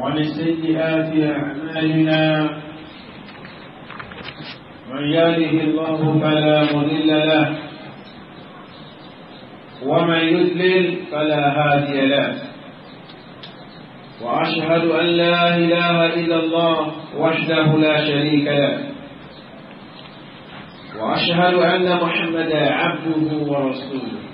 ومن سيئات أعمالنا من يهده الله فلا مضل له ومن يذلل فلا هادي له وأشهد أن لا إله إلا الله وحده لا شريك له وأشهد أن محمدا عبده ورسوله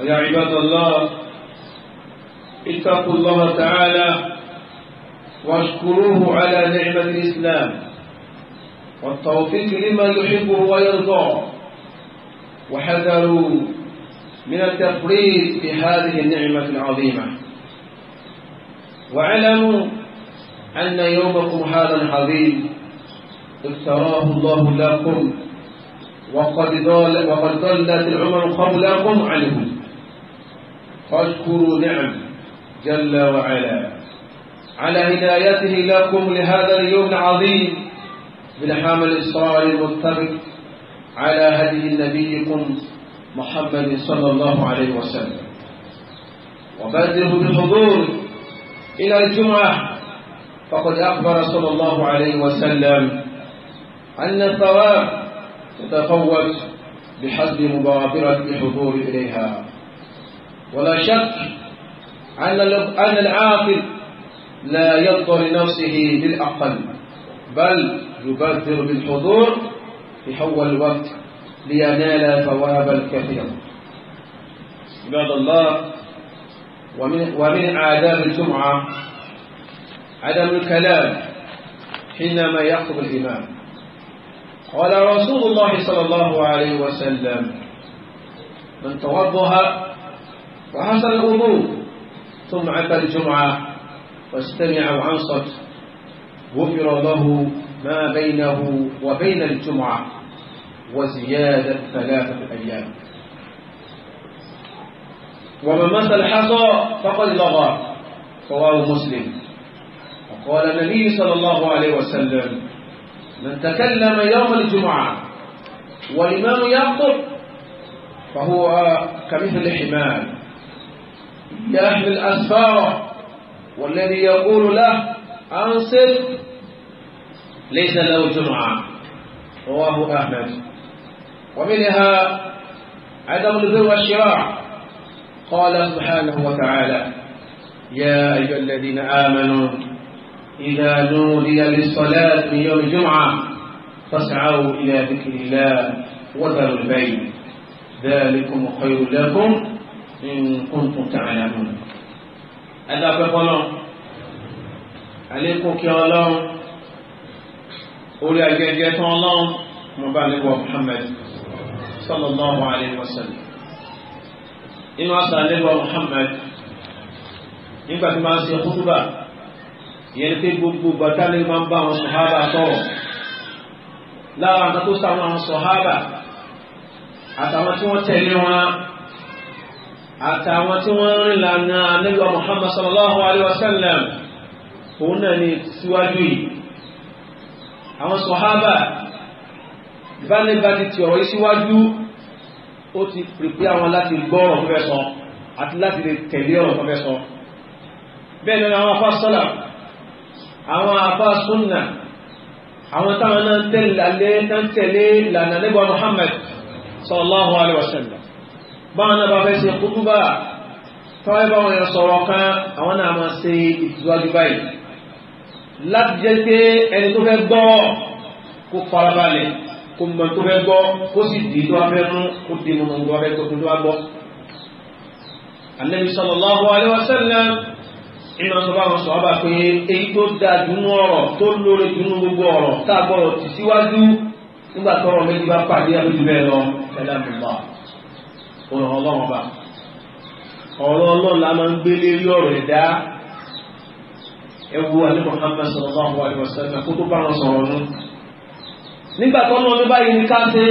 ويا عباد الله اتقوا الله تعالى واشكروه على نعمة الإسلام والتوفيق لما يحبه ويرضاه وحذروا من التفريط في هذه النعمة العظيمة واعلموا أن يومكم هذا العظيم افتراه الله لكم وقد ضلت العمر قبلكم عنه فاشكروا نعم جل وعلا على هدايته لكم لهذا اليوم العظيم من حامل الإصرار المتبك على هدي نبيكم محمد صلى الله عليه وسلم وبدره بالحضور إلى الجمعة فقد أخبر صلى الله عليه وسلم أن الثواب تتفوت بحسب مبادرة الحضور إليها ولا شك أن أن العاقل لا يرضى لنفسه بالأقل بل يبذر بالحضور في حول الوقت لينال ثواب الكثير عباد الله ومن ومن آداب الجمعة عدم الكلام حينما يخطب الإمام قال رسول الله صلى الله عليه وسلم من توضأ وحصل الوضوء ثم أتى الجمعة واستمع وأنصت غفر له ما بينه وبين الجمعة وزيادة ثلاثة أيام ومن مس الحصى فقد لغى رواه مسلم وقال النبي صلى الله عليه وسلم من تكلم يوم الجمعة والإمام يخطب فهو كمثل الحمار يحمل الأسفار والذي يقول له أنصت ليس له جمعة رواه أحمد ومنها عدم البر والشراع قال سبحانه وتعالى يا أيها الذين آمنوا إذا نودي للصلاة من يوم الجمعة فاسعوا إلى ذكر الله وذروا البيت ذلكم خير لكم nkóńtó tààlà mọ ẹdá pẹpọ náà àlékún kí Ọlọ́run orí agẹgẹ tán Ọlọ́run mo bá níbọ Muhammad sallallahu alaihi wasallam inú àṣà Muhammad nígbà tí máa ń ṣe kútúbà ìyẹn ní pé gbogbo bàtà ní máa ń bá àwọn sọhábà sọ̀rọ̀ lára àwọn tó sáwọn àwọn sọhábà àtàwọn tí wọn tẹ̀lé wọn àtàwọn tí wọ́n rìn lànà nígbà Muhammad sallallahu alayhi wa sallam òun náà ni síwájú yìí àwọn sọ̀hábà ìbánibáni ti ọ̀rọ̀ yìí síwájú ó ti pèpè àwọn láti gbọ́ ọ̀rọ̀ fẹ́ sọ àti láti tẹ̀lé ọ̀rọ̀ fẹ́ sọ bẹ́ẹ̀ ni àwọn afá sọ́là àwọn afá súnà àwọn táwọn náà tẹ̀lé ìlànà nígbà Muhammad sallallahu alayhi wa sallam báwọn náà bá fẹ́ ṣe kútúbà tọ́wọ́ báwọn yẹn sọ̀rọ̀ kan àwọn náà máa ṣe ìtìsíwájú báyìí láti jẹ́ pé ẹni tó fẹ́ gbọ́ kó farabalẹ̀ kó mọ̀ tó fẹ́ gbọ́ kó sì dì tó fẹ́ mú kó dì mú mọ̀ tó fẹ́ tó tó gbọ́. Ànábì sallallahu alaihi wasallam ìmọ̀ sọ báwọn sọ̀rọ̀ bá pé èyí tó da dùnú ọ̀rọ̀ tó lóore dùnú gbogbo ọ̀rọ̀ tá a gbọ́rọ̀ tì síwájú nígbà tọ́rọ̀ méjì bá pàdé àbójú bẹ́ẹ̀ lọ ẹ̀dá mọ̀ ọ̀rọ̀ ọlọ́run ọba ọ̀rọ̀ ọlọ́run la máa ń gbé lérí ọ̀rọ̀ ẹ̀dá ẹwu alẹ́ Muhammad sallallahu alaihi wasallam kó tó bá wọn sọ̀rọ̀ nù nígbà tó lọ́nà báyìí ní ká ṣe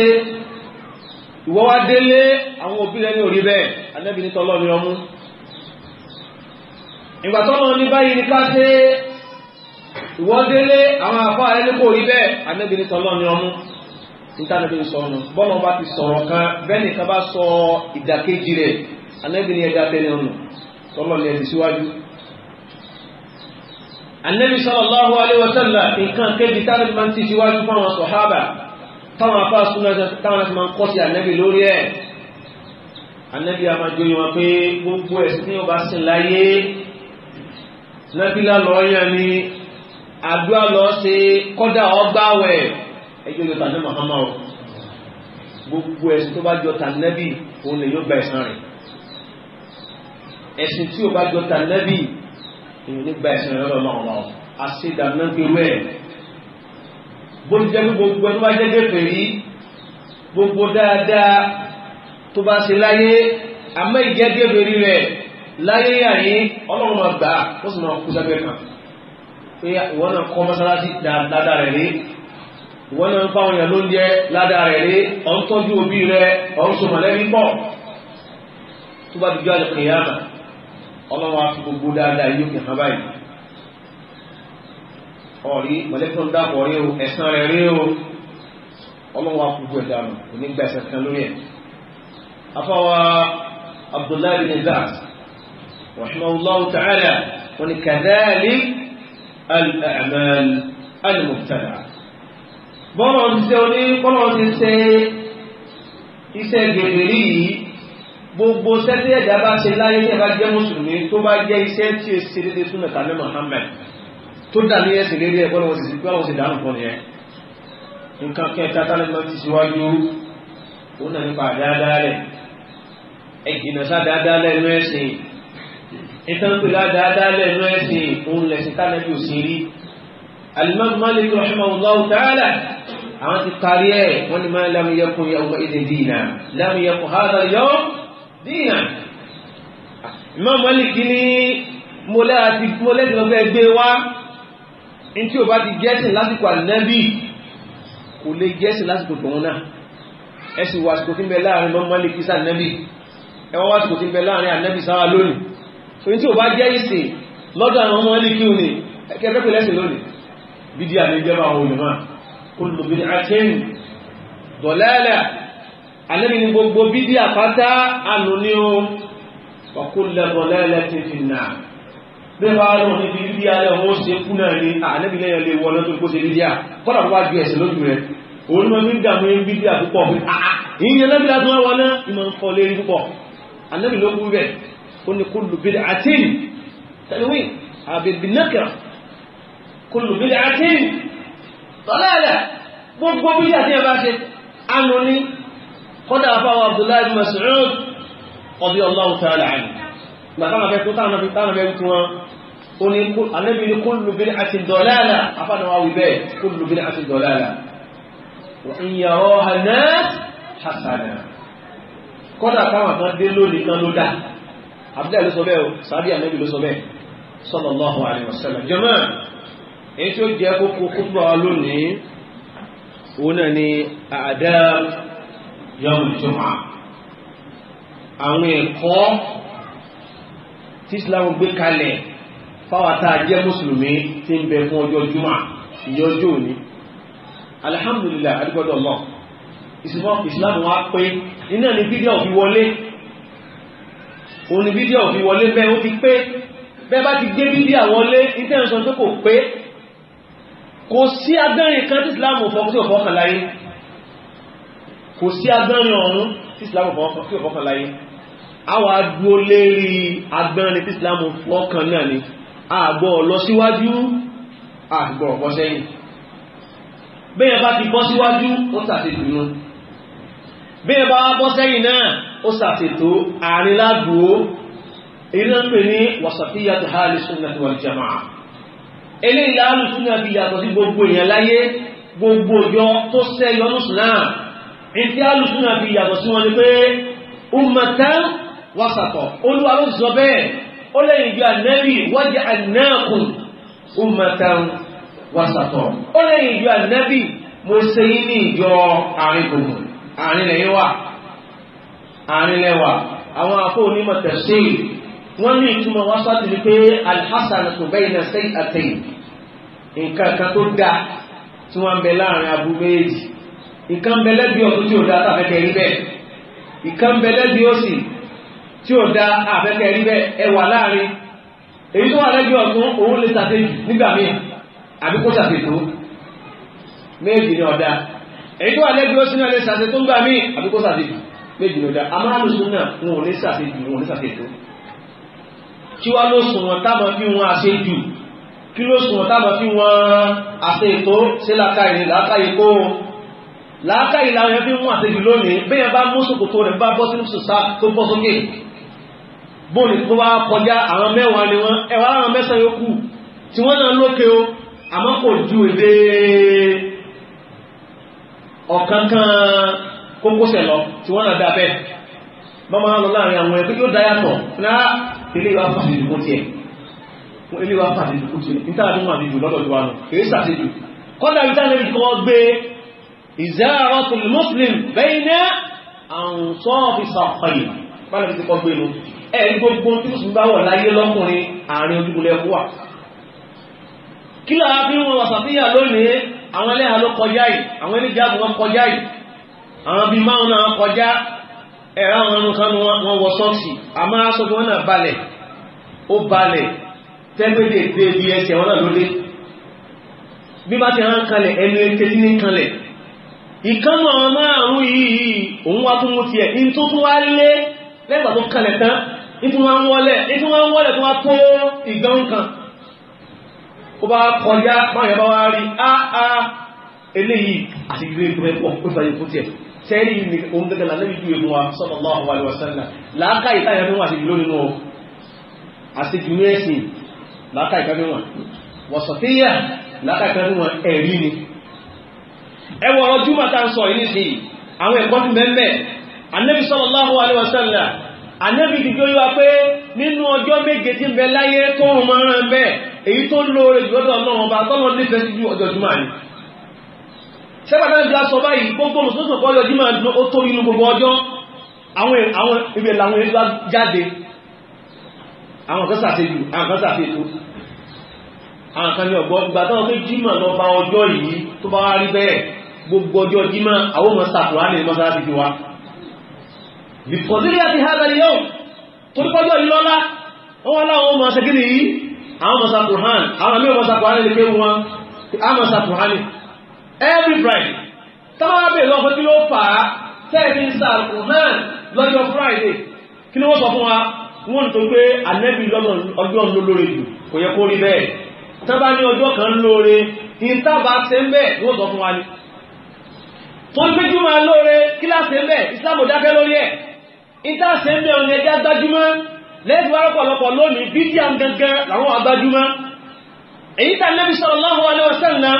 ìwọ́ délé àwọn òbí ní òrí bẹ́ẹ̀ alẹ́bí ní tọ́lọ́ ní ọmú ìgbà tó báyìí ní ká nítànàbí sọ̀rọ̀ bọ́nà bá ti sọ̀rọ̀ kan bẹ́ẹ̀ni kan bá sọ ìdàkejì rẹ̀ anẹ́bí ni ẹ̀dá tẹ́lẹ̀ ọ̀nà sọ́lọ̀ ní ẹ̀dì síwájú anẹ́bí sallallahu alaihi wa sallam nǹkan kéjì tánàbí máa ń ti síwájú fáwọn sọ̀hábà táwọn afá súná táwọn afá máa ń kọ́ sí anẹ́bí lórí ẹ̀ anẹ́bí a máa jóyún wọn pé gbogbo ẹ̀sìn ní ọba sin láyé nábìlá lọ́ọ́yàn ni àdúrà lọ́ọ́ ṣe kọ́dà ọgbà wẹ̀ ẹjọ́ yọ tàbí mahama o gbogbo ẹ̀sìn tó bá jọ tànẹ́bì òun lè yóò gba ẹ̀san rẹ̀ ẹ̀sìn tí o bá jọ tànẹ́bì èyàn ní gba ẹ̀san rẹ̀ lọ́dọ̀ máa wà o àṣedàmẹ́gbẹ̀rú ẹ̀ bó ti jẹ́ pé gbogbo ẹni wá jẹ́ dẹ́pẹ̀ rí gbogbo dáadáa tó bá ṣe láyé àmọ́ ìjẹ́ dẹ́pẹ̀ rí rẹ̀ láyé yàyín ọlọ́run máa gbà ó sì máa kú sábẹ́ kan pé ìwọ náà kọ́ mọ́sálásí dáadáa rẹ̀ rí ìwọ́n náà ń fáwọn èèyàn ló ń jẹ́ ládàá rẹ̀ rí ọ̀n tọ́jú òbí rẹ̀ ọ̀n so mọ̀lẹ́bí pọ̀ tó bá dùjọ́ àjọ kìyàmà ọlọ́run á fi gbogbo dáadáa yóò fi hàn báyìí ọ̀rí mọ̀lẹ́bí ń dàpọ̀ rí o ẹ̀san rẹ̀ rí o ọlọ́run á gbogbo ẹ̀dá nù onígbà ẹ̀sẹ̀ kan lórí ẹ̀ afọwọ́ Abdullahi bin Zaz ta'ala wọn ni kadhalik al-a'mal al-mubtada'a bọ́lọ̀ ti ṣe oní bọ́lọ̀ ti ṣe iṣẹ́ gèdèrí yìí gbogbo sẹ́tí ẹ̀dá bá ṣe láyé ní ẹ̀bá jẹ́ mùsùlùmí tó bá jẹ́ iṣẹ́ tí ó ṣe dédé súnà tàbí Muhammad tó dà ní ẹ̀sìn lérí ẹ̀ bọ́lọ̀ ti bọ́lọ̀ ti dànù fún yẹn nǹkan kẹta tálẹ̀ lọ ti síwájú ó nà nípa dáadáa rẹ̀ ẹ̀jìnà sá dáadáa rẹ̀ ẹ̀sìn ìtàn pẹ̀lú dáadáa ẹ̀sìn òun lẹ̀sìn tálẹ̀ bí alimami Malik rahimahullahu ta'ala àwọn ti parí ẹ̀ wọ́n ní máa lam yakun yawma idin dina lam yakun hadha al-yawm dina. Imam Malik ní mọ́lẹ́ àti mọ́lẹ́ tí wọ́n fẹ́ gbé wá ntí o bá ti gẹ́sìn lásìkò ànábì kò lè gẹ́sìn lásìkò tòun náà ẹ sì wọ àsìkò tí ń bẹ láàrin Imam Malik sí ànábì ẹ wọ́n wá àsìkò tí ń bẹ láàrin ànábì sáwà lónìí so ntí o bá jẹ́ ìsìn lọ́dọ̀ àwọn Malik ni kẹ́kẹ́ pẹ̀lẹ́sìn lónìí bídí àlejò àwọn olùmọ̀ kullu bid'atin dalalah alẹ́bí ni gbogbo bídí àpáta ànú ní o wa kullu dalalatin fin-nar bí wọ́n á lọ ní bí bídí alẹ́ wọn ṣe kú náà ní alẹ́bí lẹ́yìn lè wọ́n lọ́tún kó ṣe bídí à kọ́dà wọ́n wá ju ẹ̀sẹ̀ lójú rẹ̀ òun máa ń dàmú ẹbí bídí àpúpọ̀ ìyẹn lẹ́bí láti wọ́n wọn náà ìmọ̀ ń fọ́ lérí púpọ̀ alẹ́bí ló kú rẹ̀ ó ní kullu bid'atin tẹ̀lé wí àbẹ̀bí nákìrà kullu bid'atin tọ́lẹ́lẹ̀ gbogbo bí àti ẹ̀bá ṣe ánú ní kọ́dà fáwọn Abdullahi Mas'ud ọdí ọlọ́run tààlà àmì gbàtánàfẹ́ tó tánàfẹ́ tánàfẹ́ tí wọ́n ó ní alẹ́bí ní kullu bid'atin dalalah afánáwá wí bẹ́ẹ̀ kullu bid'atin dalalah wa in yaraha an-nas hasana kọ́dà táwọn kan dé lónìí kan ló dá Abdullahi ló sọ bẹ́ẹ̀ o sàbí alẹ́bí ló sọ bẹ́ẹ̀ sallallahu alaihi wasallam èyí tí ó jẹ́ kókó kútùbà wa lónìí òun náà ni àdá yọmù jùmọ̀ àwọn ẹ̀kọ́ tí Islam gbé kalẹ̀ fáwátá jẹ́ mùsùlùmí tí ń bẹ fún ọjọ́ jùmọ̀ ìyọjọ́ òní alhamdulillah adúgbọ́dọ̀ lọ Islam wa pé iná ni fídíò fi wọlé òun ni fídíò fi wọlé bẹ́ẹ̀ ó fi pé bẹ́ẹ̀ bá ti gbé fídíò wọlé ìtẹ́ǹsọ́ tó kò pé kò sí agbẹ́rin kan tí islam fọ́nkí òfọ́kàn láyé kò sí agbẹ́rin ọ̀run tí islam fọ́nkí òfọ́kàn láyé àwa dúró lérí agbẹ́rin tí islam fọ́kàn náà ni àgbọ̀ lọ síwájú àgbọ̀ ọ̀pọ̀ sẹ́yìn bẹ́ẹ̀ bá ti bọ́ síwájú ó ṣàṣètò inú bẹ́ẹ̀ bá bọ́ sẹ́yìn náà ó ṣàṣètò àárín ládùúgbò ní wasatiyatu ahli sunnah eléyìí láàrùn súnà fi yàtọ̀ sí gbogbo èèyàn láyé gbogbo ọjọ́ tó sẹ́yọ lùsùnà ìdí àlùsùnà fi yàtọ̀ sí wọn ni pé ummatan wasatọ̀ olúwa ló sọ bẹ́ẹ̀ ó lè rìn ju ànẹ́bì waja'alnakum ummatan wasatọ̀ ó lè rìn ju ànẹ́bì mo ṣe yín ní ìjọ àárín gbogbo àárín lẹ́yìn wà àárín lẹ́wà àwọn akó onímọ̀ tẹ̀síì wọ́n ní ìtumọ̀ wá sọ́tì ní pé alhassan tó bẹ́yìn náà sẹ́yìn àtẹ̀yìn nǹkan kan tó dá tí wọ́n ń bẹ láàrin abu méjì nǹkan bẹ lẹ́bi ọ̀tún tí ò dá tàfẹ́kẹ́ rí bẹ́ẹ̀ nǹkan bẹ lẹ́bi òsì tí ò dá àfẹ́kẹ́ rí bẹ́ẹ̀ ẹ wà láàrin èyí tó wà lẹ́bi ọ̀tún òun lè ṣàtẹ̀jù nígbà míì àbí kó ṣàtẹ̀tò méjì ni ọ̀dá èyí tó wà lẹ́bi òsì náà lè ṣàtẹ̀tò nígbà míì àbí kó ṣàtẹ̀jù méjì ni ọ̀dá àmọ́ àlùsùn náà wọn ò lè ṣàtẹ̀jù wọn ò lè ṣàtẹ̀tò kí wá ló sùnwọ̀n tábọ̀ fi wọn àṣẹ jù kí ló sùnwọ̀n tábọ̀ fi wọn àṣẹ ètò ṣe lákàyè lákàyè kó lákàyè làwọn yẹn fi wọn àṣẹ jù lónìí bẹ́ẹ̀ bá mú sòkòtò rẹ̀ bá bọ́ sínú sòsá tó bọ́ sókè bóòlù tó bá kọjá àwọn mẹ́wàá ni wọ́n ẹ̀wà láwọn mẹ́sàn-án yòókù tí wọ́n náà lókè o àmọ́ kò ju èdè ọ̀kánkán kókósẹ̀ lọ tí wọ́n náà dá bẹ́ẹ̀ bá eléyìí wá fàṣẹ ìdìbò tiẹ̀ eléyìí wá fàṣẹ ìdìbò tiẹ̀ níta àdúgbò àdìbò lọ́dọ̀ tó wà nù kìí ṣàṣejù kọ́dà bí táwọn ẹni kọ́ gbé ìzáàrọ̀ tó lè mùsùlùm bẹ́ẹ̀nà àwọn sọ́ọ̀fì sàfàyè bára fi ti kọ́ gbé nu ẹ̀ ẹ̀rá àwọn ọmọ kan wọ́n wọ sọ́ọ̀sì àmọ́ aṣọ tí wọ́n náà balẹ̀ ó balẹ̀ tẹ́gbẹ́dẹ̀ dé bí ẹsẹ̀ wọn náà ló dé bí bá ti rán kalẹ̀ ẹnu ẹkẹtí ní kalẹ̀ ìkánú àwọn márùn-ún yìí òun wá tún mú ti ẹ̀ in tó tún wá lé lẹ́gbà tó kalẹ̀ tán ìtún wá ń wọlẹ̀ ìtún wá ń wọlẹ̀ tó wá tó ìgbọ́n kan ó bá kọjá báyọ̀ bá wá rí áá eléyìí àti ìgbé ìgbẹ́ pọ̀ ó fàyè fún tiẹ̀ sẹ́rí ohun gẹ́gẹ́ lálẹ́bí ju ìmú wa sallallahu alaihi wasallam láàká ìtayà mẹ́wọ̀n àti ìlú nínú àti ìlú ẹ̀sìn láàká ìtayà mẹ́wọ̀n wọ̀sọ̀tíyà láàká ìtayà mẹ́wọ̀n ẹ̀rí ni ẹwọ ọ̀rọ̀ júmọ̀ tá ń sọ yìí sí àwọn ẹ̀kọ́ tó mẹ́mẹ́ anẹ́bí sallallahu alaihi wasallam anẹ́bí ti gbé wa pé nínú ọjọ́ méje tí ń bẹ láyé tó rùn mọ́rán bẹ́ẹ̀ èyí tó lóore jù lọ́dọ̀ ọlọ́run ọba sẹ́gbàtà ìjọ aṣọ báyìí gbogbo mùsùlùmí kọ́ yọjú máa dùn ó tó nínú gbogbo ọjọ́ àwọn ibẹ̀ làwọn èèyàn jáde àwọn kan ṣàṣejù àwọn kan ṣàṣejù àwọn kan ní ọgbọ́n gbà táwọn pé jímọ̀ lọ bá ọjọ́ yìí tó bá wá rí bẹ́ẹ̀ gbogbo ọjọ́ jímọ̀ àwọn ọmọ sàkùrọ̀ á lè mọ́ sára fífi wa. bìkọ̀sílẹ̀ ti hàdà ni yóò torí pọ́jọ́ yìí lọ́lá wọ́n wá láwọn ọmọ ṣẹ́gírí yìí àwọn ọmọ sàkùrọ̀ hàn àwọn àmì ọmọ sàkùrọ̀ hàn lè gbé wọn àwọn sàkùrọ̀ hàn every Friday táwọn abẹ́ lọ́pọ̀ tí ló fà á tẹ́ẹ̀mí sàrùkù náà lọ́jọ́ Friday kí ni wọ́n sọ fún wa wọ́n ní tó gbé anẹ́bí ọjọ́ ń lóore jù kò yẹ kó rí bẹ́ẹ̀ tábà ní ọjọ́ kan lóore ìtàbà ṣe ń bẹ́ẹ̀ wọ́n sọ fún wa ni wọ́n gbé jùmọ̀ lóore kí láṣẹ ń bẹ́ẹ̀ Islam ò dákẹ́ lórí ẹ̀ ìta ṣe ń bẹ́ẹ̀ ọ̀nà ẹ̀jẹ̀ agbájúmọ́ lẹ́yìn wá rọ́pọ̀lọpọ̀ lónìí bídíà gangan làwọn agbájúmọ́ èyí tà Nabi sallallahu alaihi wasallam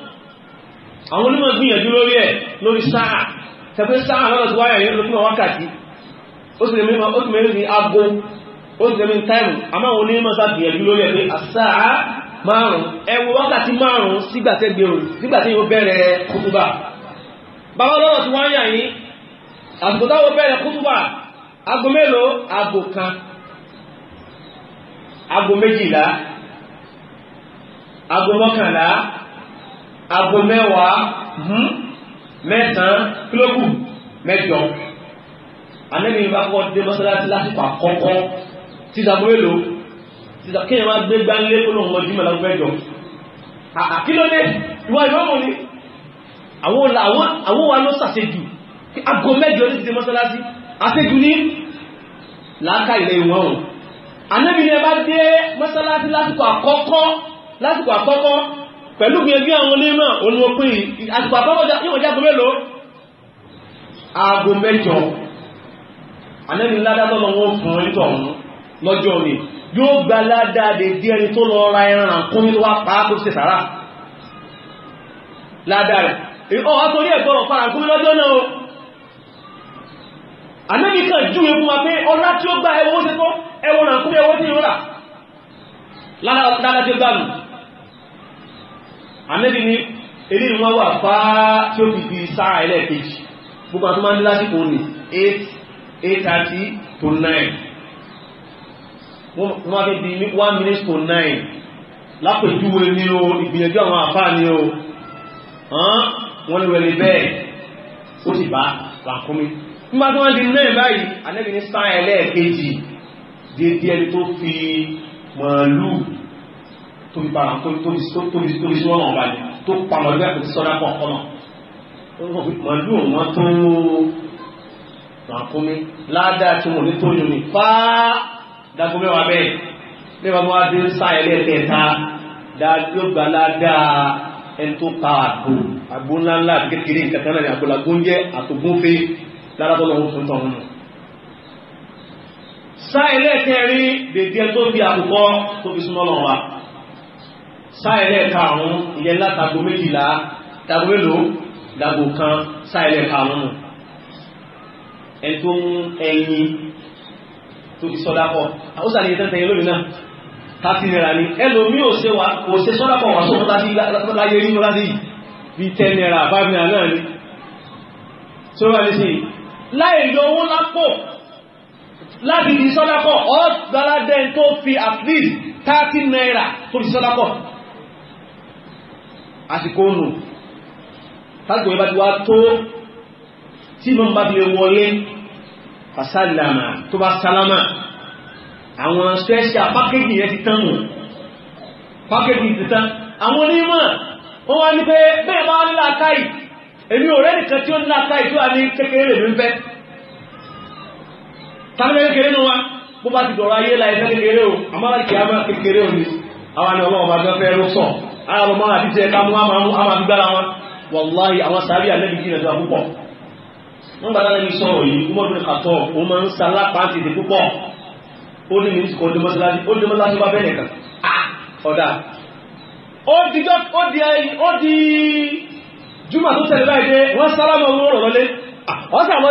àwọn onímọ̀ gbìyànjú lórí ẹ̀ lórí sáà tẹ́fẹ́ sáà lọ́nà tó wáyà yẹn lókùnmọ̀ wákàtí ó sì lèmi ó sì mẹ́rin ní aago o sì lèmi táìmù àmọ́ àwọn onímọ̀ sá gbìyànjú lórí ẹ̀ pé marun ewu wakati wákàtí márùn-ún sígbà tẹ́ yín àsìkò táwọn aago mẹ́wàá hmm? mẹ́sàn-án kílógù mẹ́jọ anẹ́mi bá kọ́ dé mọ́sálásí lásìkò àkọ́kọ́ títa bó èlò títa kéèyàn máa gbé gbánlé kó lóun mọ́jú mọ́lá mẹ́jọ àkílódé ìwà ìwọ́mù ni àwọn wa ló sàṣejù aago mẹ́jọ ní ti dé mọ́sálásí àṣejù ní láàkà ilẹ̀ ìwọ̀n anẹ́mi ni ẹ bá dé mọ́sálásí lásìkò àkọ́kọ́ lásìkò àkọ́kọ́ pẹ̀lú gbìyànjú àwọn onímọ̀ olùwọ́pín àtìpà yíò jágbó mélòó aago mẹ́jọ anẹ́niládá tọ́lọ wọn fún ẹ̀tọ̀ ọ̀hún lọ́jọ́ ni yóò gba ládáadé dí ẹni tó lọ ra ẹran àkún nínú tó ṣe sàrá ládáadé ànábì ní eré ìlú wọn wà fá tí ó fi di sáà ẹlẹ́ẹ̀kejì gbogbo àti máa ń lásìkò ní eight eight thirty to nine wọ́n máa fi di one minute to nine lápèjúwe ní o ìgbìyànjú àwọn àfáà ní o wọ́n lè wẹ̀lẹ̀ bẹ́ẹ̀ ó sì bá làkúnmí nígbà tí wọ́n di náà báyìí ànábì ní sáà ẹlẹ́ẹ̀kejì déédéé ẹni tó fi màálù tóbi bára tóbi tóbi tóbi tóbi sí wọn ọba ni tó pa màlúù ẹ̀kọ́ ti sọ́dá pọ̀ kọ́nà màlúù wọn tó ràkúnmí ládàá tí wọn ò ní tó yún ni fáá dágún mẹ́wàá bẹ́ẹ̀ mẹ́wàá wọn á dé sáà ẹlẹ́ẹ̀kẹta dáadó gbalada ẹni tó pa àgbò àgbò ńláńlá kékeré nǹkan tán náà ni àgbò làgbó ń jẹ́ àtògúnfe lárabọ́ lọ́wọ́ fún tọ̀hún nù. sáà ẹlẹ́ẹ̀kẹrin dèdè tó fi àkùkọ tó fi súnmọ́ lọ́wọ́ wa sáìlẹ̀ karùn-ún ìyẹn látago méjìlá dago mélòó dago kan sáìlẹ̀ karùn-ún ẹni tó ń ẹyin tó fi sọ́dá pọ̀ ó sàlẹ̀ ìtẹ́ tẹ̀yẹ lónìí náà tàbí náírà ni ẹlòmí ò ṣe wà kò ṣe sọ́dá pọ̀ wà sókún láyé nínú láti bí tẹ́ náírà bábí náà náà ni tó wà ní sí láì yọ owó lápò láti fi sọ́dá pọ̀ ọ́ gbáradẹ́ tó fi at least thirty naira tó fi sọ́dá pọ̀ àsìkò nù tásìkò yẹn bá ti wá tó tí mo bá fi lè wọlé fasalama tó bá salama àwọn special package yẹn ti tán package ti tán àwọn onímọ̀ wọ́n wá ní pé bẹ́ẹ̀ bá ní làákàyè èmi ò rẹ́ nìkan tí ó ní làákàyè tó wà ní kékeré lè mi fẹ́ tàbí kékeré nù wa bó bá ti dọ̀rọ̀ ayé la ẹ̀fẹ́ kékeré o àmọ́ láti kí a máa kékeré o ni àwọn ni ọlọ́ọ̀bá fẹ́ fẹ́ ló sọ̀ àwọn ọmọ àti tẹ kámú àmà gbígbára wọn wàláhì àwọn sàárì àlẹ́bí jìnà tó àpúpọ̀ wọ́n gbàdá lẹ́yìn sọ̀rọ̀ yìí kúmọ̀ ní kàtọ́ ó máa ń sa lápá tètè púpọ̀ ó ní mi kò dẹmọ́síláṣí ó ní mọ́síláṣí bẹ́ẹ̀ nìkan ah, ọ̀dà ó di júmọ̀ tó tẹ̀lé báyìí dé wọ́n sálámọ̀ wọn rọ̀ lọ́lé ọ̀sà ẹwà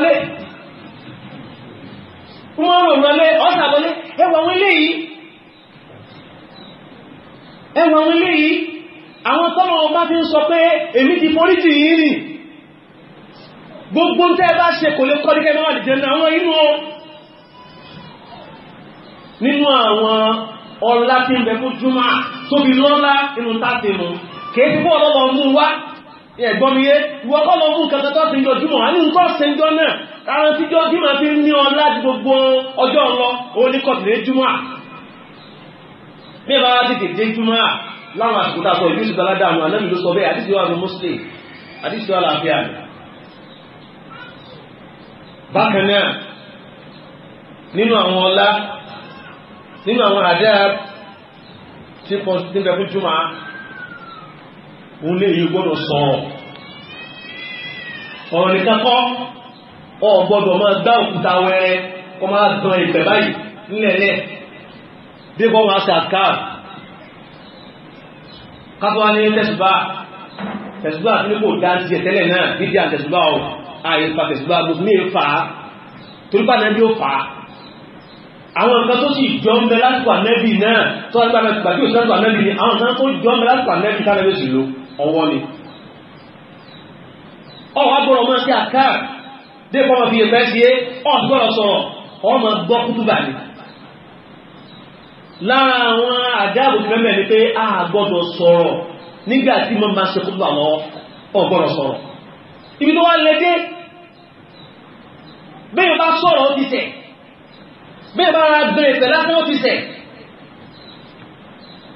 wọn lé yìí àwọn tọ́nà ọba fi ń sọ pé èmi ti forí jì yìí nì gbogbo tẹ́ bá ṣe kò lè kọ́ ní kẹ́mọ́ àdìjẹ́ náà àwọn inú ọ nínú àwọn ọlá tí ń bẹ fún júmọ́ tóbi lọ́lá inú tàbí mú kèéfì fún ọlọ́lọ́ mú wá ẹ̀gbọ́miyé wọ́kọ́ lọ mú kẹta tó ti ń jọ júmọ̀ láwọn àsìkò tá a sọ ìlú ìsìnkú aládàánú anábì ló sọ bẹ́ẹ̀ àdìsí wa ní muslim àdìsí wa làáfíà ni. bákan náà nínú àwọn ọlá nínú àwọn àdáyà tí pọ̀ níbẹ̀ fún jùmọ̀ òun lè yí gbọ́dọ̀ sọ̀rọ̀ ọ̀rọ̀ nìkan kọ́ ọ̀ gbọ́dọ̀ máa gbá òkúta wẹ́rẹ́ kọ́ máa dán ìpẹ̀ báyìí nílẹ̀ lẹ̀ bí wọ́n máa ṣe àkáà kátó wá ní tẹ̀sùbá tẹ̀sùbá tó ní kò dá sí ẹ̀tẹ́lẹ̀ náà dídí à tẹ̀sùbá ọ̀ àìfà tẹ̀sùbá mùsùlùmí fà á torípa nẹ́bí ó fà á àwọn nǹkan tó sì jọ ń bẹ lásìkò ànẹ́bì náà tó wá nípa mẹ́tìgbà tí òṣèlú ànẹ́bì ni àwọn nǹkan tó jọ ń bẹ lásìkò ànẹ́bì tánẹ́bì sì lo ọwọ́ ni ọwọ́ agbọ́rọ̀ máa ṣe àkáà dé kọ́ ọmọ fi èèpẹ́ sí é ọ̀ lára àwọn àdáàbò ti mẹ́mẹ́ ni pé a gbọ́dọ̀ sọ̀rọ̀ nígbà tí mo máa ṣe kúrò àwọn ọgbọ́dọ̀ sọ̀rọ̀ ibi tó wá lẹ́dẹ́ bẹ́ẹ̀ bá sọ̀rọ̀ ó ti tẹ̀ bẹ́ẹ̀ bá ra bẹ̀rẹ̀ pẹ̀lá fún ó ti tẹ̀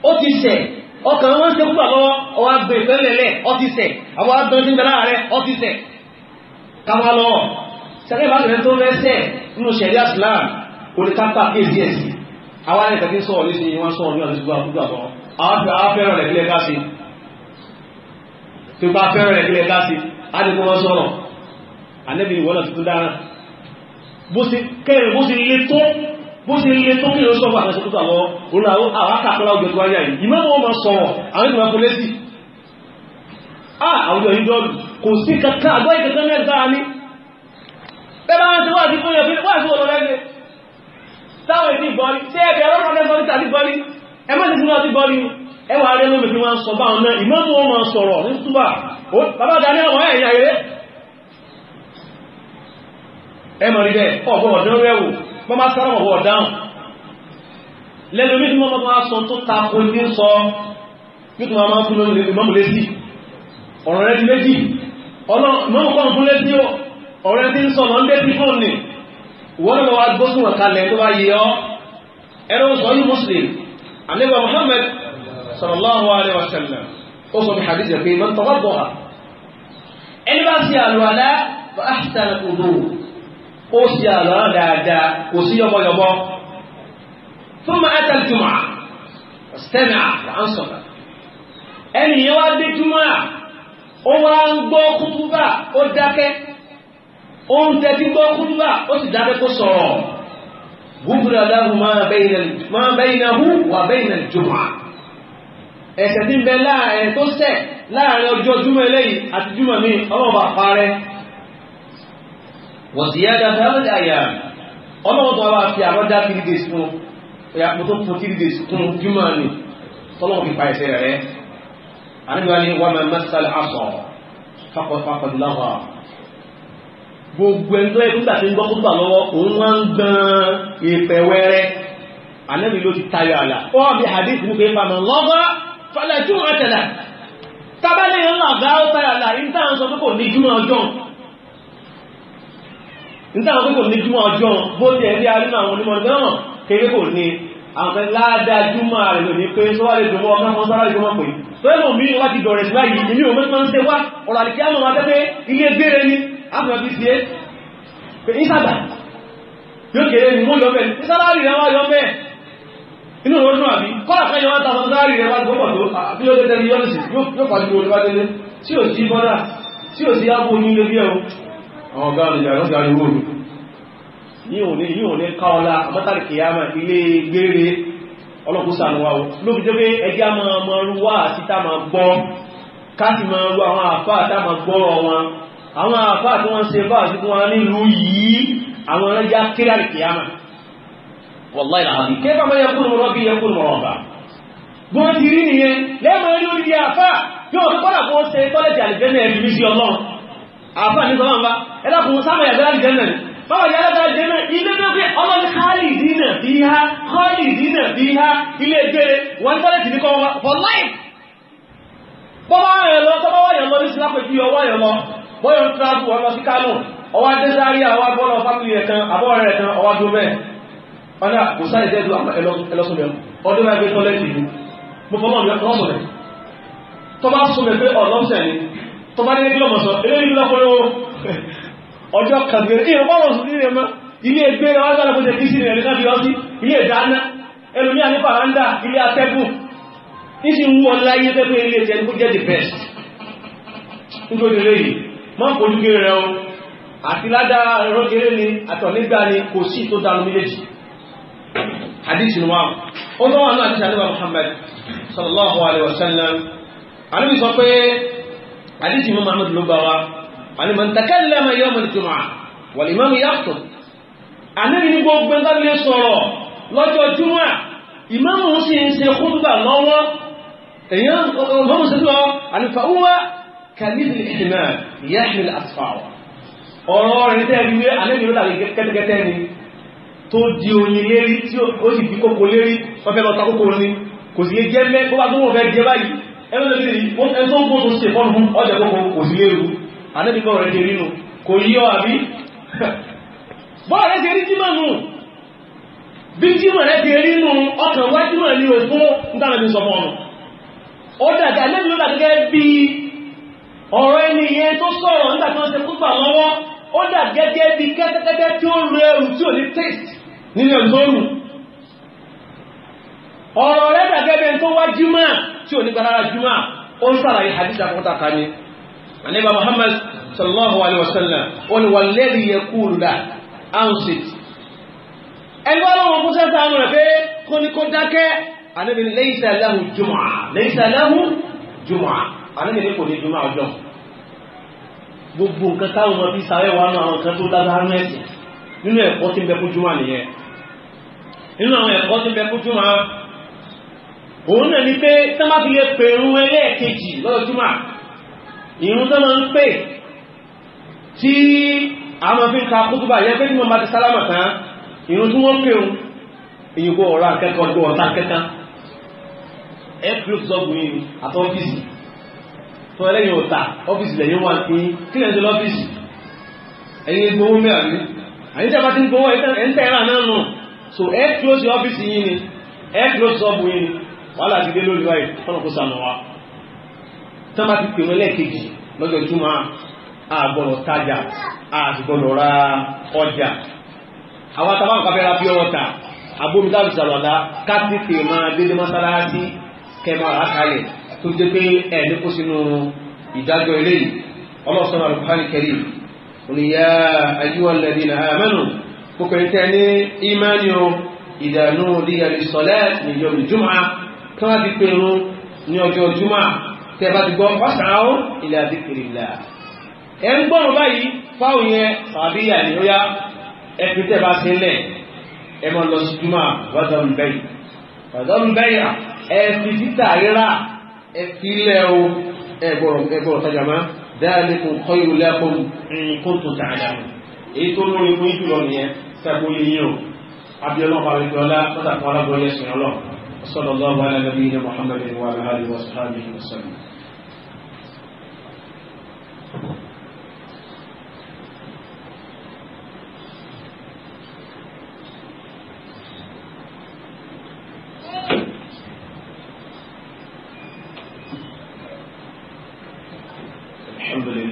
ó ti tẹ̀ ọkàn wọn ṣe kúrò àwọn ọwọ́ bẹ̀rẹ̀ pẹ̀lẹ́lẹ̀ ó ti tẹ̀ àwọn abẹ́rẹ́ tí ń bẹ láàárẹ̀ ó ti tẹ̀ káwá lọ sẹ́lẹ̀ bá tẹ̀lé tó rẹ́sẹ̀ nínú ṣẹ̀rí àsìlám kò ní ká pàkíyèsí ẹ̀sìn àwọn ẹni tẹ̀sí sọ̀rọ̀ ní sí wọ́n sọ̀rọ̀ ní ọdún gbogbo àkókò àbọ̀ àwọn fẹ́ràn rẹ̀ kílẹ̀ káàsì tó bá fẹ́ràn rẹ̀ kílẹ̀ káàsì á ní kó wọ́n sọ̀rọ̀ ànẹ́bí ìwọ́n náà tuntun dára bó ṣe kẹ́rin bó ṣe lé tó bó ṣe lé tó kílẹ̀ sọ́fà àti ṣòkòtò àwọn olùhàwọ́ àwọn akàkọ́lá ọgbẹ̀ tó wáyà yìí ìmọ̀ wọn máa sọ̀rọ̀ àwọn ìgbìmọ̀ kò lẹ́sì àwùjọ yìí dọ́ọ̀lù kò sí kankan àgbọ̀ ìkankan mẹ́ta ní bẹ́ẹ̀ bá wọn ti wá àti fún yẹn wá àti wọn lọ lẹ́gbẹ̀ẹ́ táwọn èdè ìgbọ́rí tí ẹbí ọlọ́pàá lẹ́gbọ́rí tàbí gbọ́rí ẹ má ti fún ọtí gbọ́rí ẹ wà rẹ lómi fi wọn sọ bá ọ̀nà ìmọ́tò wọn máa sọ̀rọ̀ ní túbà bàbá dání àwọn ẹ̀yà eré ẹ mọ̀ rí bẹ́ẹ̀ ọ̀gbọ́n ọ̀dán rẹ̀wò bọ́ máa sára ọ̀wọ̀ ọ̀dáhùn lẹ́nu mi tí wọ́n máa sọ tó ta ko ní sọ yóò tó máa fún lórí ìmọ̀mù létí ọ̀rọ̀ rẹ̀ ti méjì ọlọ́ wọ́n lọ wá gbósùn ọ̀kalẹ̀ tó bá yẹ ọ́ ẹ̀rọ sọ yí muslim àníbà muhammad sallallahu alaihi wasallam ó sọ bí hadith pé mọ́ tọwọ́ bọ̀ ha ẹni bá sí àlùwàlá bá ahsan odò ó sí àlùwàlá dáadáa kò sí yọbọyọbọ fún ma ata jùmọ̀ stẹ́nà àwọn sọ̀rọ̀ ẹni yẹn wá dé jùmọ̀ ó wá ń gbọ́ kútúbà ó dákẹ́ ó ń tẹ́tí gbọ́ kúndùbà ó sì dábẹ́ kó sọ̀rọ̀ gúgúrú aláhùn máa bẹ́yìnà hù wà bẹ́yìnà jùmọ̀ ẹ̀sẹ̀ tí ń bẹ láàrin tó sẹ̀ láàrin ọjọ́ júmọ̀ eléyìí àti júmọ̀ mi ọlọ́ọ̀bà parẹ́ wọ́n sì yáda dáhùn àyà ọlọ́wọ́n tó wá fi àwọn dá three days fún ọ̀yà mo tó fún three days fún júmọ̀ ni tọ́lọ́wọ́n fi pa ẹ̀sẹ̀ rẹ̀ àníwá ni wọ́n mẹ́sàlẹ̀ àṣọ fàkọ̀fàkọ̀ láwàá gbogbo ẹni tó yẹ nígbà tí ń gbọ́ kúrúbà lọ́wọ́ òun wá ń gbọ́n ìpẹ̀ wẹ́rẹ́ ànábì ló ti tayọ àlà ó wà bí hadith mú pé fàmà lọ́gọ́ fàlẹ̀ tí wọ́n tẹ̀lẹ̀ tábàlẹ̀ yẹn lọ gá ó tayọ àlà níta àwọn sọ pé kò ní júmọ̀ ọjọ́ níta àwọn pé kò ní júmọ̀ ọjọ́ bó ti ẹ̀rí arínú àwọn onímọ̀ ọjọ́ náà kéré kò ní àwọn fẹ́ ládàá júmọ̀ rẹ̀ ló ní pé sọ́wọ́lẹ̀ jọmọ́ ọmọ ọmọ sára jọmọ́ pé sọ́wọ́lẹ̀ mi wá ti dọ̀rẹ̀ sí báyìí èmi ò mẹ́fà ń ṣe wá ọ̀rọ̀ àdìkí àwọn ọmọ akẹ́kẹ́ ilé gbére ni àmìyàn bí sí é pé ìsàdà yóò kéré ní wọ́n yọmẹ́ ìsàlárì rẹ̀ wá yọmẹ́ inú ló dún àbí kọ́lá fẹ́ yọmọ́ tàbí sàlárì rẹ̀ wá gbọ́pọ̀ tó àbí ó tẹ́tẹ́ yọ́ sí yóò fàájú orí wá délé tí ò sí bọ́dà tí ò sí ápò ní ilé bí ẹ̀rọ àwọn ọ̀gá ọ̀nà ìjàrọ̀ sí ariwo ni yíò ní yíò ní káọlá àmọ́tàrí kìyàmà ilé gbére ọlọ́kùsà ni wá o ló fi jẹ́ pé ẹjẹ́ máa mọ ruwá àti tá máa gbọ́ ká sì máa àwọn àfá tí wọ́n ṣe bá àti wọn nílùú yìí àwọn ọlọ́jà kíra lè kíyàmà wàláì làbí kéfà máa yẹkùn mọ́rọ́ bí yẹkùn mọ́rọ́ bá wọ́n ti rí nìyẹn lẹ́mọ̀ ẹni orí àfá yóò kọ́lá kó ṣe kọ́lẹ̀jì àlìjẹ́nà ẹ̀bí bí sí ọlọ́run àfá ní sọ́lọ́run bá ẹ̀dá kò sábà yàgbẹ́ àlìjẹ́nà ni báwo yàrá bá jẹ́nà ilé tó fi ọlọ́run bọ́bá wà lọ tọ́bá wà lọ ní sílápẹ̀jú yọ wà yẹn lọ bóyá ń tíráàbù ọlọ sí kánò ọwá dẹ́sárí àwọn agbọ́nà fámìlì rẹ̀ kan àbọ̀rẹ̀ rẹ̀ kan ọwá dúró bẹ́ẹ̀ ọ̀nà kò sáré dẹ́dù ẹlọ́sùn rẹ̀ ọdún máa gbé tọ́lẹ́tì ni mo fọmọ mi ọkọ̀ ọ̀sùn rẹ̀ tó bá sùn rẹ̀ pé ọ̀lọ́sẹ̀ ni tó bá dé kílọ̀ mọ̀sán eléyìí lọ́kọ̀ọ́ ọjọ́ kan gẹ̀rẹ́ ìrìn bọ́ọ̀lù sí ilé mọ́ ilé ẹgbẹ́ rẹ̀ wájú alákòóso kí sí ilẹ̀ náà fi ọtí ilé ìdáná ẹlòmí àní fàrándà ilé atẹ́gùn ní sì ń wọ láyé pẹ́pẹ́ ilé ìjẹ́ ní kó jẹ́ the best nítorí lẹ́yìn má fojú kéré rẹ o àti ládàá ẹ̀rọ kéré ni àtọ̀nígbà ni kò sí tó dánú méjèèjì hadith ni wọn ó lọ́wọ́ náà ti sàdúrà Muhammad sallallahu alayhi wa sallam àlùbí sọ pé hadith imam Ahmad ló bá wa àlùbí man takallama yawm al-jumu'ah wal imam yakhutub àlùbí ni gbogbo ẹgbẹ́ mi sọ̀rọ̀ lọ́jọ́ jùmọ̀ ìmáàmù sì ń ṣe kúndùbà lọ́wọ́ èèyàn ọmọ mùsùlùmọ́ àlùfà kàmíìsì ìhìnà yẹ́hìn àsfàwọ̀ ọ̀rọ̀ rẹ̀ tẹ́ rí wé alẹ́jọ́ lórí àlè kẹ́tẹ́kẹ́tẹ́ ni tó di oyin lérí tí ó sì bí kókó lérí wọ́n fẹ́ lọ ta kókó ní kò sí jẹ́ mẹ́ kó bá gbọ́n fẹ́ jẹ báyìí ẹgbẹ́ lórí ẹni tó gbọ́n tó ṣe fọ́n fún ọjà kókó kò sí léru alẹ́jọ́ rẹ̀ ti rínu kò yí ọ àbí bọ́ọ̀ rẹ̀ ti rí jímọ̀ nù bí jímọ̀ rẹ̀ ti rínú ọkàn wájímọ̀ ní òfún ń tàbí sọ fọ́ọ̀nù ó dàgbà lẹ́nu ló dàgbà gẹ́gẹ́ bíi ọ̀rọ̀ ẹni yẹn tó sọ̀rọ̀ nígbà tí wọ́n ṣe kúgbà lọ́wọ́ ó dà gẹ́gẹ́ bí kẹ́tẹ́kẹ́tẹ́ tí ó rẹ ẹrù tí ò ní taste nílẹ̀ lónù ọ̀rọ̀ rẹ̀ dà gẹ́gẹ́ tó wá jímọ̀ tí ò ní gbàdára jímọ̀ ó ń sàlàyé hadith àkọ́kọ́ta kan ni àníbà Muhammad sallallahu alaihi wasallam ó ní wal ladhi yaqulu la ansit ẹgbẹ́ ọlọ́run kó sẹ́ta àwọn rẹ̀ pé kó ní kó dákẹ́ àníbi laysa lahu jumu'a laysa lahu jumu'a àníbi kò ní jùmọ̀ àjọ gbogbo nǹkan táwọn ọmọ fi sáré wa náà àwọn nǹkan tó dáadáa mẹ́sì nínú ẹ̀kọ́ tí ń bẹ kójúmọ́ nìyẹn nínú àwọn ẹ̀kọ́ tí ń bẹ kójúmọ́ òun náà ni pé tá má fi lè pèrú ẹlẹ́ẹ̀kejì lọ́dọ̀ jùmọ̀ ìrún tó máa ń pè tí àwọn fi ń ka kútùbà yẹn pé tí wọ́n bá ti sálámà tán ìrún tí wọ́n pèrú ìyìnbó ọ̀rọ̀ akẹ́kọ̀ọ́ ọ̀tá akẹ́kọ̀ọ́ ẹ̀ tó ẹlẹ́yìn ọ̀tà ọ́fíìsì lẹ́yìn wà ní kí lẹ́yìn tó lọ́fíìsì ẹ̀yin gbowó mẹ́rin ní àyín tí a bá ti ń gbowó ẹ̀ ń tẹ̀ra náà nù so ẹ̀ close ọ́fíìsì yín ni ẹ̀ close ṣọ́ọ̀bù yín ni wàhálà ti dé lórí wáyé fọ́nà kó sànù wa tí wọ́n bá ti pèmí lẹ́ẹ̀kejì lọ́jọ́ ìjúmọ́ àgbọ̀nà tajà àgbọ̀nà ra ọjà àwọn àtàwọn kan fẹ́ra bí ọ̀tà àbómi tábìsàlọ̀lá ká tó jẹ́ pé ẹ̀ ní kó sínú ìdájọ́ eléyìí ọlọ́sàn alùpàlì kẹrì oníyà ayyuhalladhina amanu kókò ní tẹ́ ní ìmánì o ìdànù líyà lè sọ̀lẹ́ níjọ́ ìjùmọ̀ tó wá ti pè rún ní ọjọ́ ìjùmọ̀ tẹ́ bá ti gbọ́ pàṣàwọ́ ila dhikrillah ẹ̀ ń gbọ́rọ̀ báyìí fáwọn yẹn sàbíyà ni ó yá ẹ̀ fi tẹ́ bá sí lẹ̀ ẹ̀ mọ́ lọ sí ìjùmọ̀ wàdàmù bẹ́yì wàdàmù fi títà rírà ẹ̀fílẹ̀ o ẹ̀gbọ̀rọ̀ ẹ̀gbọ̀rọ̀ tajàmá dáàlékun kọ́yù lẹ́kùn nǹkan tó tààdàmù èyí tó lórí fún jùlọ nìyẹn sẹ́kù yìí o abiola balikiola pátákó alábọ̀lẹ́sìn ọlọ́run sọlọ́lá wàhálà nàbí ilẹ̀ muhammadin wa sàlámì wa sàlámì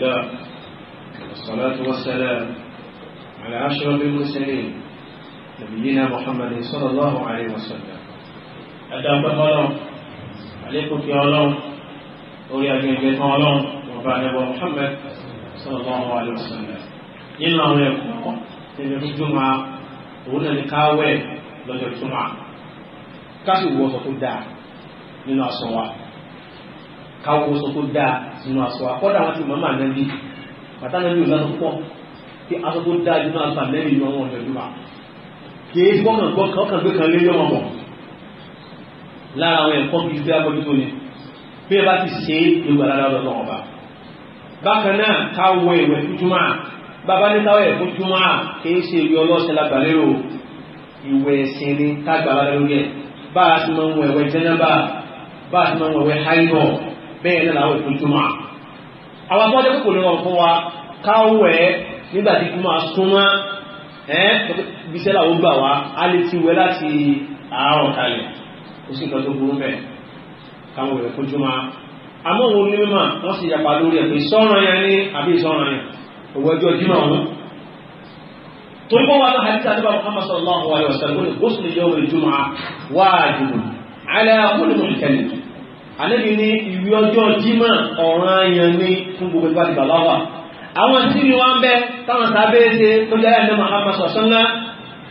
لله والصلاة والسلام على أشرف المرسلين نبينا محمد صلى الله عليه وسلم أدام الله عليكم في الله أولي أجل الله وبعد محمد صلى الله عليه وسلم إلا أن يكون في الجمعة òun náà ni ká wẹ̀ lọ́jọ́ ìtumọ̀ kásìwò ọ̀sọ̀ tó káwọ́ sọ tó dáa nínú aṣọ akọ́dà wọn ti mọ̀mọ́ ànábi bàtà náà yóò lọ́sọ̀ pọ̀ kí aṣọ tó dáa nínú aṣọ ànábi ni wọ́n wọ̀nyẹ̀ lùwà. kìí wọ́n kàn gbọ́ kàn gbé kan lé yọ̀mọ̀ bọ̀ lára àwọn ẹ̀kọ́ kìí fẹ́ abọ́dútó ni bí ẹ bá ti ṣe é ló gbà lára lọ́dọ̀ ọba. bákan náà káwọ́ ìwẹ̀ fújúmọ́ bàbá ní káwọ́ ẹ̀ fújúmọ́ kìí ṣe ìwé ọlọ́sẹ̀ lágbàlérò ìwẹ̀ ẹ̀sìn ni tágbà lára lórí ẹ̀ bá a ti máa ń wẹ̀wẹ̀ jẹ́nẹ́bà bá a ti máa ń bẹ́ẹ̀ náà làwọn ìpín túmọ̀ àwọn akọ́jọ́ kò ní wọn fún wa káwẹ̀ nígbà tí túmọ̀ súnmọ́ ẹ́ bíṣẹ́ làwọn gbà wá a lè ti wẹ̀ láti àárọ̀ kalẹ̀ kò sí nǹkan tó burú bẹ́ẹ̀ káwọn ìwẹ̀ fún túmọ̀ àmọ́ òun ní mímọ̀ wọ́n sì yapa lórí ẹ̀ pé sọ́ràn yẹn ní àbí sọ́ràn yẹn òwò ẹjọ́ jímọ̀ wọn torí bọ́ wà ní hadith àti Muhammad sallallahu alaihi wa sallam ó sì ní yawm al-jumu'ah wajibun ala kulli mùsùlùmí àlébì ní ìwé ọjọ́ jímọ̀ ọ̀ràn ayàn ní fún gbogbo ìgbà ti bàbá àwọn tí ni wọ́n bẹ táwọn sábẹ́ ṣe tó jẹ́ ẹ̀dẹ́ Muhammad sọ̀sánlá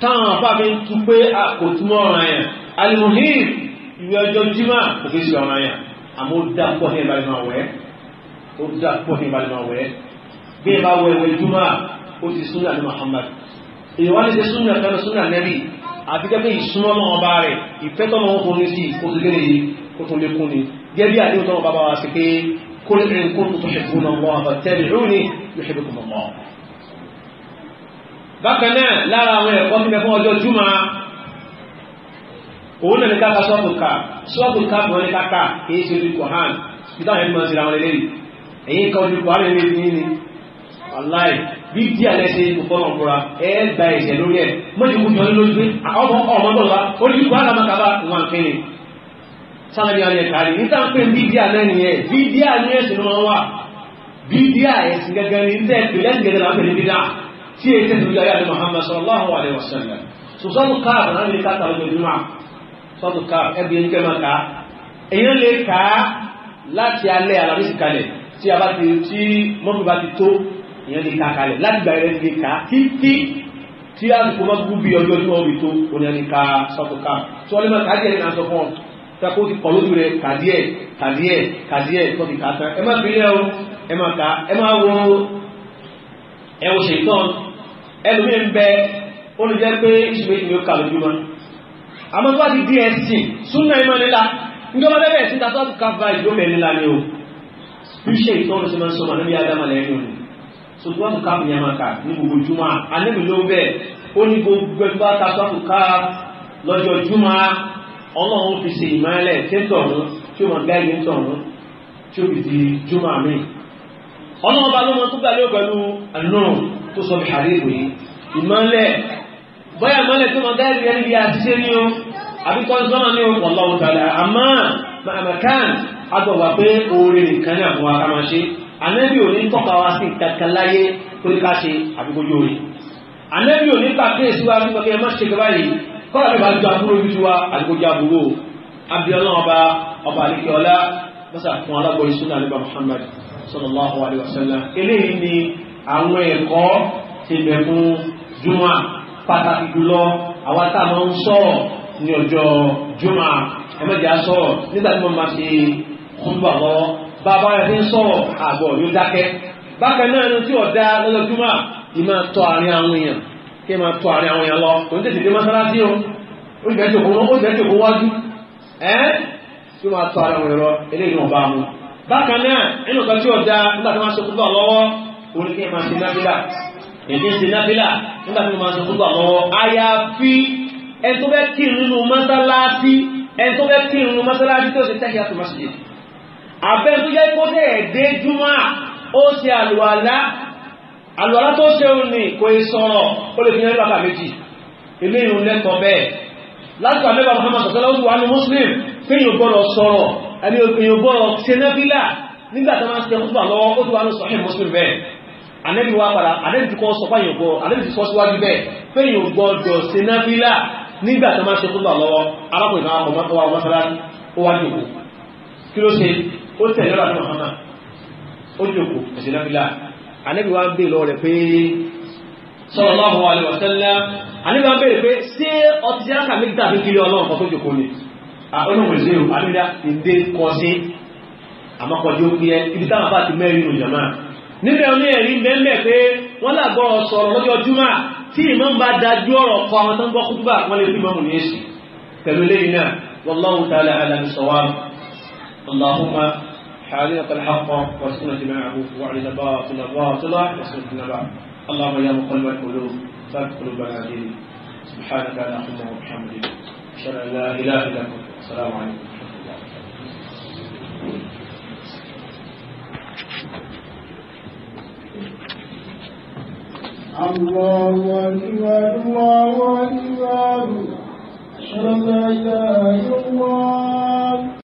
táwọn àfáàbí ń tu pé kò túmọ̀ ọ̀ràn ayàn alimuhim ìwé ọjọ́ jímọ̀ kò fi sí ọ̀ràn ayàn àmọ́ ó dá pọ̀ ní ìbálẹ̀ máa wẹ̀ ó dá pọ̀ ní ìbálẹ̀ máa wẹ̀ bí ìbá wẹ̀ wẹ̀ júmọ̀ ó ti súnà ní Muhammad èèwọ̀ ni ṣe súnà kan àti gẹ́gẹ́ ìsúnmọ́ náà bá rẹ̀ ìfẹ́ tọ́nà wọn kò ní sí òṣèlérè yìí kó tó lékún ni gẹ́bí àdéhùn tọ́nà bàbá wa sí pé kó lè rìn kó tó ṣe fún ọmọ àbàtẹ́rì ó ní yóò ṣe lókun mọ́. bákan náà lára àwọn ẹ̀kọ́ ti mẹ́fọ́ ọjọ́ júmọ́ òun náà ní káka sọ́ọ̀bùkà sọ́ọ̀bùkà bọ̀ ní káka kìí ṣe olùkọ́ hàn ìtàn ẹ̀dùnmọ̀ sí bí bí alẹ́ ṣe kọ́nà kura ẹ gba ẹ̀ṣẹ̀ lórí ẹ̀ mọ́jìkú jọ ní lójú pé ọmọ ọmọ bọ̀ wá ó ní kó àlàmà kaba wọn kiri sábẹ́ni alẹ́ kárí níta ń pè bí bí alẹ́ nìyẹn bí bí alẹ́ ẹ̀sìn ló máa wà bí bí ẹ̀sìn gẹ́gẹ́ ní tẹ́ pèlẹ́ gẹ́gẹ́ náà pèlẹ́ bí dáa tí èyí tẹ́ tuntun yáyà ní Muhammad sallallahu alayhi wa sallam sọ́tù káà náà lè ká tàbí ojúmọ́ sọ́tù káà ẹbí ń kẹ́mọ́ ká èyàn lè ká láti alẹ́ alamísìkalẹ̀ tí a bá ti tí mọ́tò ìyẹn lè ka kalẹ̀ láti gbà yẹn lè ka títí tí àsìkò máa kú bí ọjọ́ tí wọ́n fi tó òun yẹn lè ka sọ́tò ká tí wọ́n lè máa kájẹ́ náà sọ fún ọ tako ti kọ̀ lójú rẹ kàdíẹ̀ kàdíẹ̀ kàdíẹ̀ tó ti kà tán ẹ má bílẹ̀ o ẹ má ka ẹ má wo ẹ wo ṣètọ́n ẹlòmíì ń bẹ ó lè jẹ́ pé ìṣòro ìṣòro kà lójúmọ́ àmọ́ tó bá ti dsc súnà ìmọ̀ nílá ìjọba bẹ́ẹ̀ sí tàtọ́ọ̀tù káfà ìjọba ẹ̀ nílá ni o bí ṣe ìtọ́nù sí máa ń sọmọ níbi ádámà lẹ́yìn òní sọtú àtúntò káàpù yẹn máa kà ní gbogbo júmọ́ anábì ló bẹ́ẹ̀ ó ní gbogbo ẹgbẹ́ bá ta sọ́tù ká lọ́jọ́ juma ọlọ́run fi ṣe ìmọ̀lẹ̀ tẹ́tọ̀hún tí ó máa gbá ẹgbẹ́ tọ̀hún tí ó fi di júmọ́ mi. ọlọ́run bá ló mọ tó gbàlẹ́ pẹ̀lú ànúrùn tó sọ bìhàrí ìwé ìmọ̀lẹ̀ bóyá ìmọ̀lẹ̀ tó máa gbá ẹgbẹ́ níbi àṣìṣe ni ó àbí kọ́ńtọ́nà ni ó wọ̀ lọ́wọ́ tààlà àmọ́ màmá kán agbọ̀wà pé oore nìkan ní àwọn akámáṣe ànẹ́bí ò ní tọ́ka wá sí kankan láyé tó ní ká ṣe àbíkójú orí ànẹ́bí ò ní pàkíyèsí wá nípa kí ẹ má ṣe kí báyìí kọ́lá mi bá ju àbúrò ojú wa àbíkójú àbúrò abiola ọba ọba àlekè ọlá mọ́sà fún alágbóyè súnà nípa Muhammad sallallahu alayhi wa sallam eléyìí ni àwọn ẹ̀kọ́ ti bẹ̀ fún juma pàtàkì jùlọ àwọn táwọn ń sọ̀rọ̀ ní ọjọ́ juma ẹ̀mẹ́jẹ̀ á sọ̀rọ̀ nígbà tí wọ́n máa ṣe kúndùbà lọ́wọ́ bàbá rẹ̀ fi ń sọ̀rọ̀ àgbọ̀ ló dákẹ́ bákan náà ni tí ọ̀dá lọ́lọ́dúnmọ́ ì máa tọ́ àárín àwọn èèyàn kí máa tọ́ àárín àwọn èèyàn lọ kò ní tètè dé mọ́sálásí o ó jẹ́ jòkó ó jẹ́ jòkó wájú ẹ́ tí ó máa tọ́ àárín àwọn èèyàn lọ eléyìí náà bá mu bákan náà nínú kan tí ọ̀dá nígbà tí wọ́n ṣe kúbọ̀ lọ́wọ́ orí kí máa ṣe nábìlà èdè ṣe nábìlà nígbà tí wọ́n máa ṣe kúbọ̀ lọ́wọ́ àyàfi ẹni tó fẹ́ kírun nínú mọ́sálásí ẹni tó fẹ́ kírun nínú mọ́sálásí tó ṣe tẹ́kì abẹ́ tó jẹ́ kó tẹ̀ dé júmọ́ ó ṣe àlùwàlá àlùwàlá tó ṣe òun ni kò é sọ̀rọ̀ ó lè fi yẹn bàbá méjì ilé ìrùn lẹ́kọ̀ọ́ bẹ́ẹ̀ láti àmì bàbá Muhammad sọ̀tẹ́lá ó ti wà ní muslim fi yóò gbọ́dọ̀ sọ̀rọ̀ ẹni yóò gbọ́dọ̀ ṣe nábìlà nígbà tó máa ń ṣe kúbà lọ́wọ́ ó ti wà ní sọ̀hìn muslim bẹ́ẹ̀ anẹ́bí wa padà anẹ́bí ti kọ́ sọ fún àyìnbó anẹ́bí ti kọ́ síwájú bẹ́ẹ̀ fi yóò gbọ́dọ̀ ṣe nábìlà nígbà tó máa ń ṣe kúbà lọ́wọ́ arákùnrin náà ọmọ wa mọ́sálásí ó wá ní òkú kí ló ṣe ó tẹ̀lé ọ̀rọ̀ àwọn ọmọ ó jòkó ẹ̀sìn náà ànábì wa ń bè lọ rẹ̀ pé sallallahu alaihi wasallam ànábì wa ń bèèrè pé ṣé ọtí jẹ́ àkàmì tàbí kiri ọlọ́run kan tó jòkó ni olóhùn ìṣèlú àbídá ìdè kọsí àmọ́kọ̀jú ó pé ibi táwọn bá ti mẹ́rin nù jàmáà níbẹ̀ oní ẹ̀rí mẹ́mẹ́ pé wọ́n làgbọ́ sọ̀rọ̀ lọ́jọ́ júmọ́ tí ìmáàmù bá اللهم حالق الحق والسنة معه وعلي الباطل باطلا وسنة بعد اللهم يا مقلب القلوب ثبت قلوبنا دينك سبحانك اللهم وبحمدك اشهد ان لا اله الا انت السلام عليكم ورحمه الله الله أكبر الله أكبر أشهد أن لا إله إلا الله